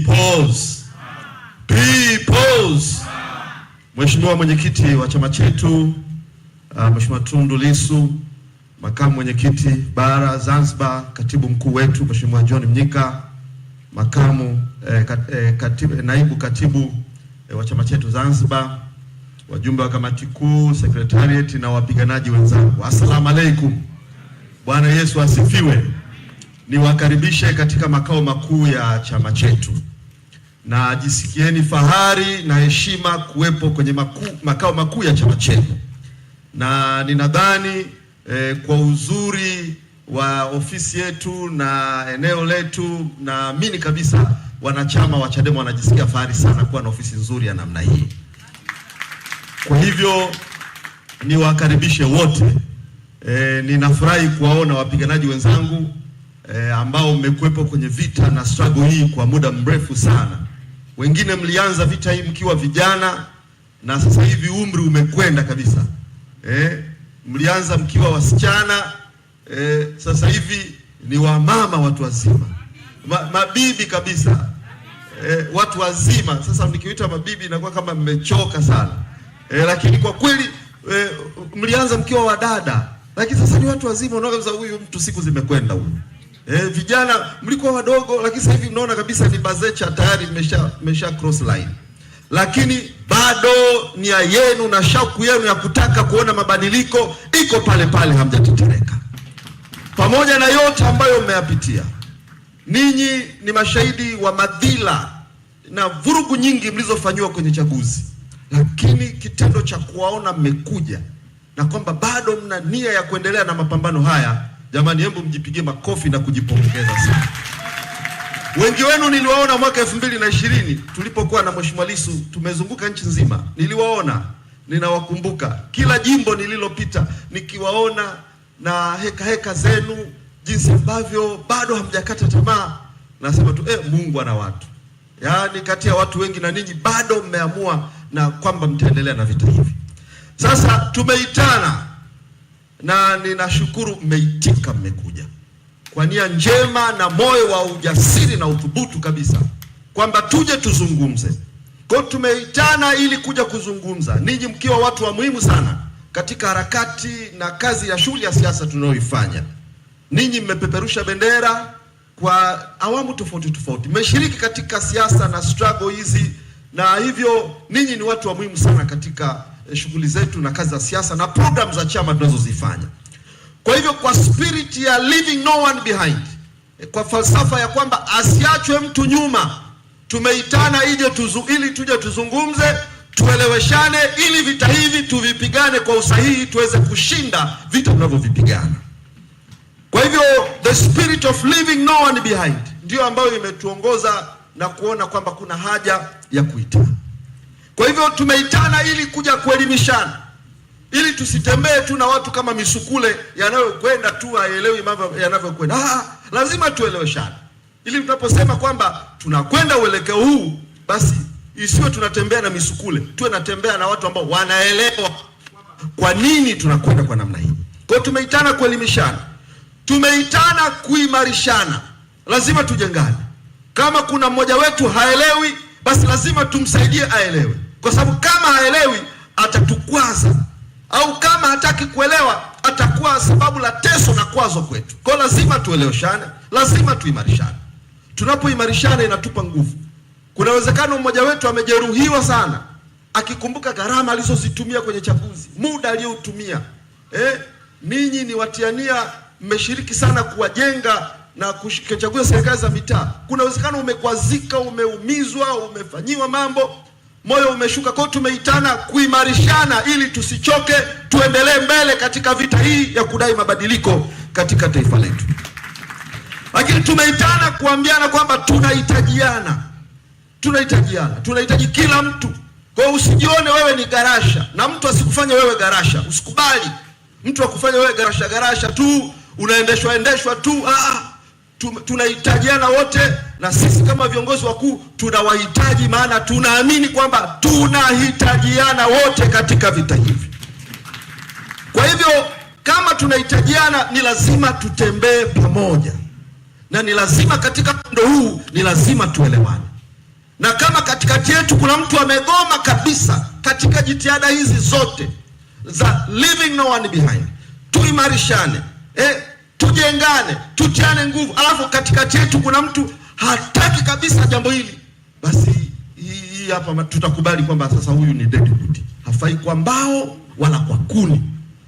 Peoples. Peoples. Mheshimiwa mwenyekiti wa chama chetu uh, Mheshimiwa Tundu Lissu, makamu mwenyekiti bara Zanzibar, katibu mkuu wetu Mheshimiwa John Mnyika, makamu eh, kat, eh, katibu, eh, naibu katibu eh, wa chama chetu Zanzibar, wajumbe wa kamati kuu, secretariat na wapiganaji wenzangu, assalamu alaikum. Bwana Yesu asifiwe niwakaribishe katika makao makuu ya chama chetu, na jisikieni fahari na heshima kuwepo kwenye maku, makao makuu ya chama chetu, na ninadhani eh, kwa uzuri wa ofisi yetu na eneo letu, naamini kabisa wanachama wa Chadema wanajisikia fahari sana kuwa na ofisi nzuri ya namna hii. Kwa hivyo niwakaribishe wote. Eh, ninafurahi kuwaona wapiganaji wenzangu e, ambao mmekuwepo kwenye vita na struggle hii kwa muda mrefu sana. Wengine mlianza vita hii mkiwa vijana na sasa hivi umri umekwenda kabisa e, mlianza mkiwa wasichana e, sasa hivi ni wamama watu wazima Ma, mabibi kabisa e, watu wazima. Sasa nikiita mabibi inakuwa kama mmechoka sana e, lakini kwa kweli e, mlianza mkiwa wadada, lakini sasa ni watu wazima. Unaona kabisa huyu mtu siku zimekwenda huyu. Eh, vijana mlikuwa wadogo, lakini sasa hivi mnaona kabisa ni bazecha tayari mmesha mmesha cross line, lakini bado nia yenu na shauku yenu ya kutaka kuona mabadiliko iko pale pale, hamjatetereka. Pamoja na yote ambayo mmeyapitia, ninyi ni mashahidi wa madhila na vurugu nyingi mlizofanyiwa kwenye chaguzi, lakini kitendo cha kuwaona mmekuja na kwamba bado mna nia ya kuendelea na mapambano haya Jamani, hebu mjipigie makofi na kujipongeza sana. Wengi wenu niliwaona mwaka elfu mbili na ishirini tulipokuwa na Mheshimiwa Lissu, tumezunguka nchi nzima, niliwaona, ninawakumbuka kila jimbo nililopita, nikiwaona na heka heka zenu, jinsi ambavyo bado hamjakata tamaa. Nasema tu eh, Mungu ana watu, yaani kati ya watu wengi na ninyi bado mmeamua na kwamba mtaendelea na vita hivi. Sasa tumeitana na ninashukuru mmeitika, mmekuja kwa nia njema na moyo wa ujasiri na uthubutu kabisa kwamba tuje tuzungumze. Kwa tumeitana ili kuja kuzungumza, ninyi mkiwa watu wa muhimu sana katika harakati na kazi ya shughuli ya siasa tunayoifanya. Ninyi mmepeperusha bendera kwa awamu tofauti tofauti, mmeshiriki katika siasa na struggle hizi, na hivyo ninyi ni watu wa muhimu sana katika Eh, shughuli zetu na kazi za siasa na program za chama tunazozifanya. Kwa hivyo kwa spirit ya leaving no one behind, eh, kwa falsafa ya kwamba asiachwe mtu nyuma, tumeitana ije tuzu, ili tuje tuzungumze, tueleweshane, ili vita hivi tuvipigane kwa usahihi, tuweze kushinda vita tunavyovipigana. Kwa hivyo the spirit of leaving no one behind ndiyo ambayo imetuongoza na kuona kwamba kuna haja ya kuitana. Kwa hivyo tumeitana ili kuja kuelimishana, ili tusitembee tu na watu kama misukule yanayokwenda tu haielewi mambo yanavyokwenda. Ah, lazima tueleweshane, ili tunaposema kwamba tunakwenda uelekeo huu, basi isiwe tunatembea na misukule, tuwe natembea na watu ambao wanaelewa kwa nini tunakwenda kwa namna hii. Kwa hiyo tumeitana kuelimishana, tumeitana kuimarishana, lazima tujengane. Kama kuna mmoja wetu haelewi basi lazima tumsaidie aelewe, kwa sababu kama aelewi atatukwaza, au kama hataki kuelewa atakuwa sababu la teso na kwazo kwetu. Kwa lazima tueleweshane, lazima tuimarishane. Tunapoimarishana inatupa nguvu. Kuna uwezekano mmoja wetu amejeruhiwa sana, akikumbuka gharama alizozitumia kwenye chaguzi, muda aliyoutumia. Eh, ninyi ni watiania, mmeshiriki sana kuwajenga na kuchagua serikali za mitaa, kuna uwezekano umekwazika, umeumizwa, umefanyiwa mambo, moyo umeshuka. Kwao tumeitana kuimarishana ili tusichoke, tuendelee mbele katika vita hii ya kudai mabadiliko katika taifa letu. Lakini tumeitana kuambiana kwamba tunahitajiana, tunahitajiana, tunahitaji kila mtu. Kwao usijione wewe ni garasha na mtu asikufanye wewe garasha. Usikubali mtu akufanye wewe garasha garasha tu, unaendeshwa endeshwa tu. ah. ah tunahitajiana wote, na sisi kama viongozi wakuu tunawahitaji, maana tunaamini kwamba tunahitajiana wote katika vita hivi. Kwa hivyo kama tunahitajiana, ni lazima tutembee pamoja, na ni lazima katika mdo huu ni lazima tuelewane, na kama katikati yetu kuna mtu amegoma kabisa katika jitihada hizi zote za leaving no one behind, tuimarishane eh tujengane, tutiane nguvu, alafu katikati yetu kuna mtu hataki kabisa jambo hili, basi hii hapa tutakubali kwamba sasa huyu ni deadwood, hafai kwa mbao wala kwa kuni.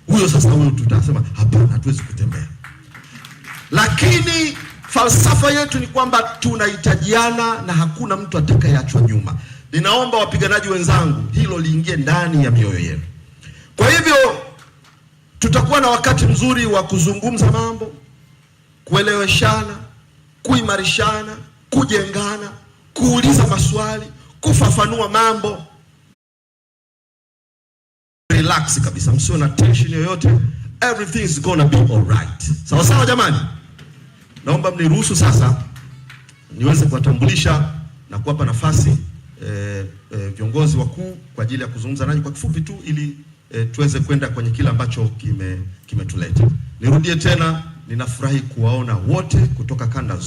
Huyo sasa, huyo tutasema hapana, hatuwezi kutembea. Lakini falsafa yetu ni kwamba tunahitajiana na hakuna mtu atakayeachwa nyuma. Ninaomba wapiganaji wenzangu, hilo liingie ndani ya mioyo yenu. Kwa hivyo Tutakuwa na wakati mzuri wa kuzungumza mambo, kueleweshana, kuimarishana, kujengana, kuuliza maswali, kufafanua mambo. Relax kabisa, msio na tension yoyote, everything is gonna be right. Sawa sawa, jamani, naomba mniruhusu sasa niweze kuwatambulisha na kuwapa nafasi eh, eh, viongozi wakuu kwa ajili ya kuzungumza nanyi kwa kifupi tu ili e, tuweze kwenda kwenye kile ambacho kimetuleta kime. Nirudie tena, ninafurahi kuwaona wote kutoka kanda zote.